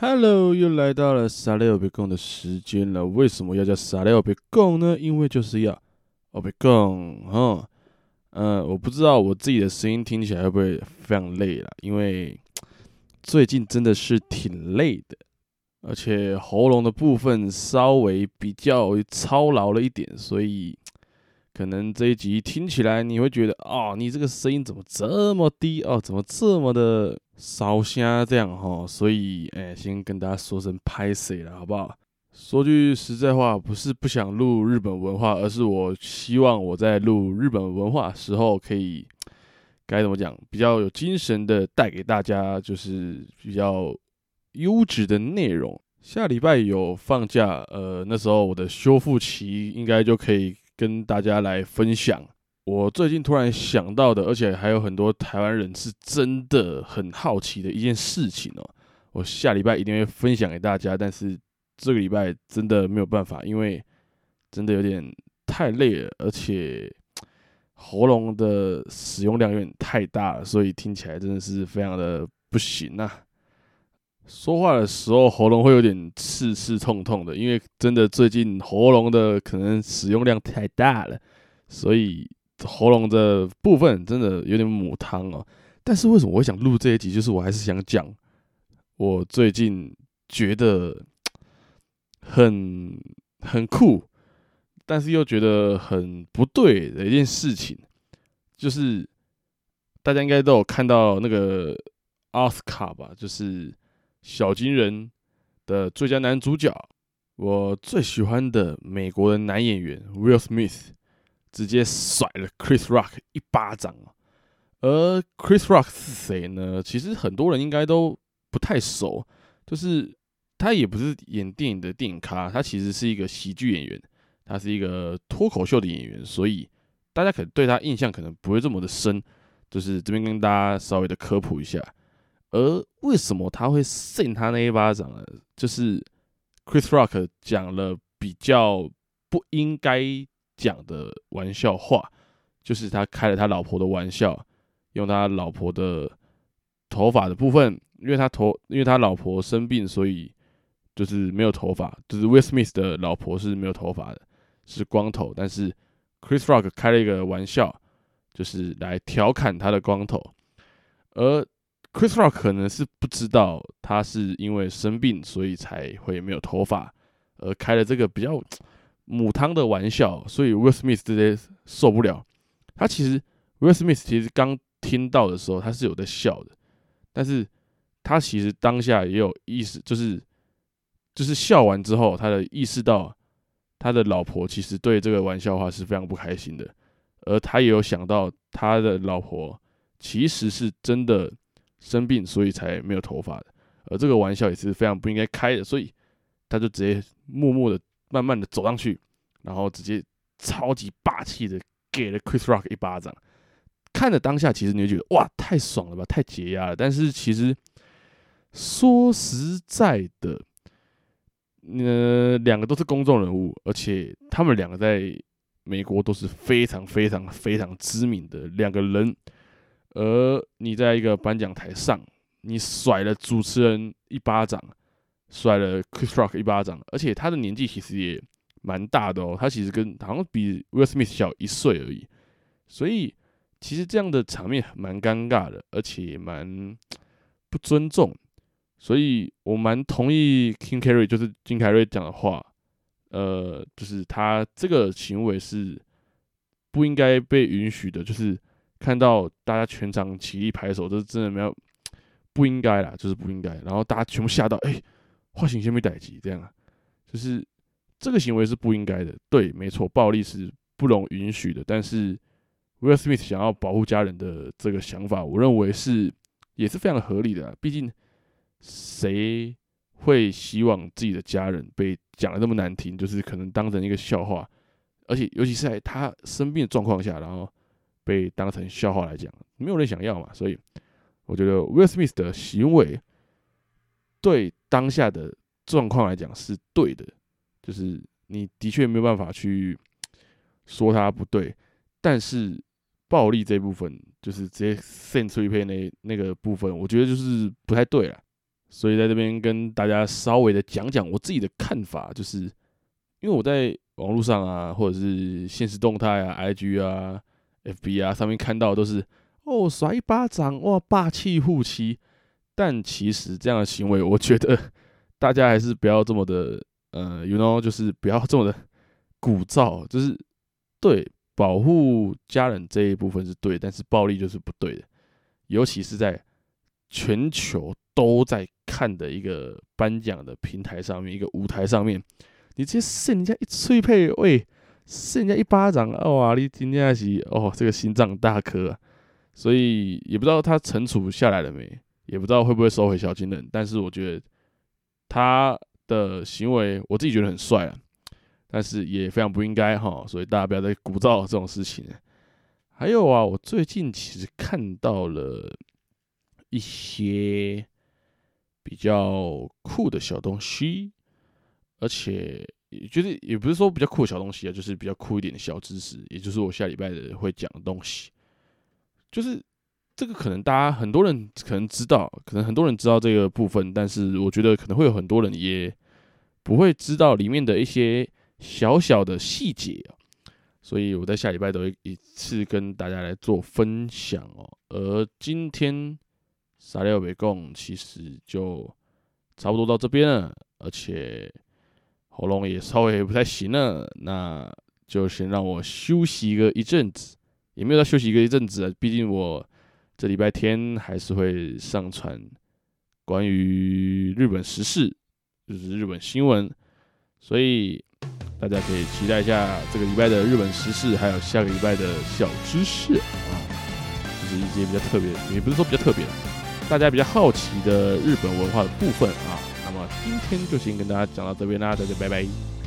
Hello，又來到了されおべ共的時間了。為什麼要叫されおべ共呢？因為就是要おべ共，嗯、呃、嗯，我不知道我自己的聲音聽起來會不會非常累啦，因為最近真的是挺累的，而且喉嚨的部分稍微比較操勞了一點，所以可能這一集聽起來你會覺得啊、哦，你這個聲音怎麼這麼低哦？怎麼這麼的燒聲這樣哈，所以哎、欸，先跟大家說聲拍謝了，好不好？說句實在話，不是不想錄日本文化，而是我希望我在錄日本文化時候可以。該怎麼講，比較有精神的帶給大家，就是比較優質的內容。下禮拜有放假，呃，那時候我的修復期應該就可以跟大家來分享我最近突然想到的，而且還有很多台灣人是真的很好奇的一件事情哦。我下禮拜一定會分享給大家，但是這個禮拜真的沒有辦法，因為真的有點太累了，而且。喉嚨的使用量有點太大了，所以聽起來真的是非常的不行吶、啊。說話的時候喉嚨會有點刺刺痛痛的，因為真的最近喉嚨的可能使用量太大了，所以喉嚨的部分真的有點母湯哦。但是為什麼我想錄這一集？就是我還是想講我最近覺得很很酷。但是又覺得很不對的一件事情，就是大家應該都有看到那個奧斯卡吧，就是小金人的最佳男主角，我最喜歡的美國的男演員 Will Smith，直接甩了 Chris Rock 一巴掌。而 Chris Rock 是誰呢？其實很多人應該都不太熟，就是他也不是演電影的電影咖，他其實是一個喜劇演員。他是一個脫口秀的演員，所以大家可能對他印象可能不會這麼的深，就是這邊跟大家稍微的科普一下。而為什麼他會扇他那一巴掌呢？就是 Chris Rock 講了比較不應該講的玩笑話，就是他開了他老婆的玩笑，用他老婆的頭髮的部分，因為他頭，因為他老婆生病，所以就是沒有頭髮，就是 Will Smith 的老婆是沒有頭髮的。是光頭，但是 Chris Rock 開了一個玩笑，就是來調侃他的光頭，而 Chris Rock 可能是不知道他是因為生病所以才會沒有頭髮，而開了這個比較母湯的玩笑，所以 Will Smith 這些受不了。他其實 Will Smith 其實剛聽到的時候他是有在笑的，但是他其實當下也有意識，就是就是笑完之後，他的意識到。他的老婆其實對這個玩笑話是非常不開心的，而他也有想到他的老婆其實是真的生病，所以才沒有頭髮的。而這個玩笑也是非常不應該開的，所以他就直接默默的、慢慢的走上去，然後直接超級霸氣的給了 Chris Rock 一巴掌。看着當下，其實你會覺得哇，太爽了吧，太解壓了。但是其實說實在的。那、嗯、兩個都是公眾人物，而且他們兩個在美國都是非常非常非常知名的兩個人。而你在一個頒獎台上，你甩了主持人一巴掌，甩了 Chris Rock 一巴掌，而且他的年紀其實也蠻大的哦，他其實跟好像比 Will Smith 小一歲而已。所以其實這樣的場面蠻尷尬的，而且蠻不尊重。所以我蠻同意金凱瑞就是金凱瑞講的話，呃，就是他這個行為是不應該被允許的。就是看到大家全場起立拍手，這真的沒有不應該啦，就是不應該。然後大家全部嚇到，哎、欸，化形先被逮起這樣，就是這個行為是不應該的。對，沒錯，暴力是不容允許的。但是 Will Smith 想要保護家人的這個想法，我認為是也是非常的合理的，畢竟。誰會希望自己的家人被講得那麼難聽？就是可能當成一個笑話，而且尤其是在他生病的狀況下，然後被當成笑話來講，沒有人想要嘛。所以我覺得 Will Smith 的行為對當下的狀況來講是對的，就是你的確沒有辦法去說他不對，但是暴力這部分，就是直接扇出一拍那那個部分，我覺得就是不太對了。所以在這邊跟大家稍微的講講我自己的看法，就是因為我在網絡上啊，或者是限時動態啊、IG 啊、FB 啊上面看到都是哦，甩一巴掌，哇霸氣護妻，但其實這樣的行為，我覺得大家還是不要這麼的，呃，you know 就是不要這麼的鼓譟，就是對保護家人這一部分是對，但是暴力就是不對的，尤其是在全球都在。看的一個頒獎的平台上面，一個舞台上面，你直接扇人家一脆拍，喂、欸，扇人家一巴掌，哦啊，你今天還是哦，這個心臟大顆、啊，所以也不知道他懲處下來了沒，也不知道會不會收回小金人，但是我覺得他的行為，我自己覺得很帥啊，但是也非常不應該哈，所以大家不要再鼓噪這種事情、啊。還有啊，我最近其實看到了一些。比較酷的小東西，而且也覺得也不是說比較酷的小東西啊，就是比較酷一點的小知識，也就是我下禮拜的會講的東西，就是這個可能大家很多人可能知道，可能很多人知道這個部分，但是我覺得可能會有很多人也不會知道裡面的一些小小的細節啊，所以我在下禮拜都一次跟大家來做分享哦，而今天。撒尿沒供，其實就差不多到這邊了，而且喉嚨也稍微不太行了，那就先讓我休息一個一陣子，也沒有要休息一個一陣子啊，畢竟我這禮拜天還是會上傳關於日本時事，就是日本新聞，所以大家可以期待一下這個禮拜的日本時事，還有下個禮拜的小知識啊，就是一些比較特別，也不是說比較特別。大家比較好奇的日本文化的部分啊，那麼今天就先跟大家講到這邊啦啊，大家拜拜。